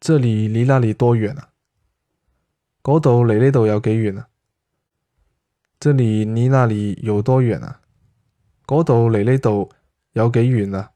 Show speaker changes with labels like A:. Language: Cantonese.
A: 這裏離那裏多遠啊？嗰度離呢度有幾遠啊？這裏離那裏有多遠啊？嗰度離呢
B: 度有幾遠啊？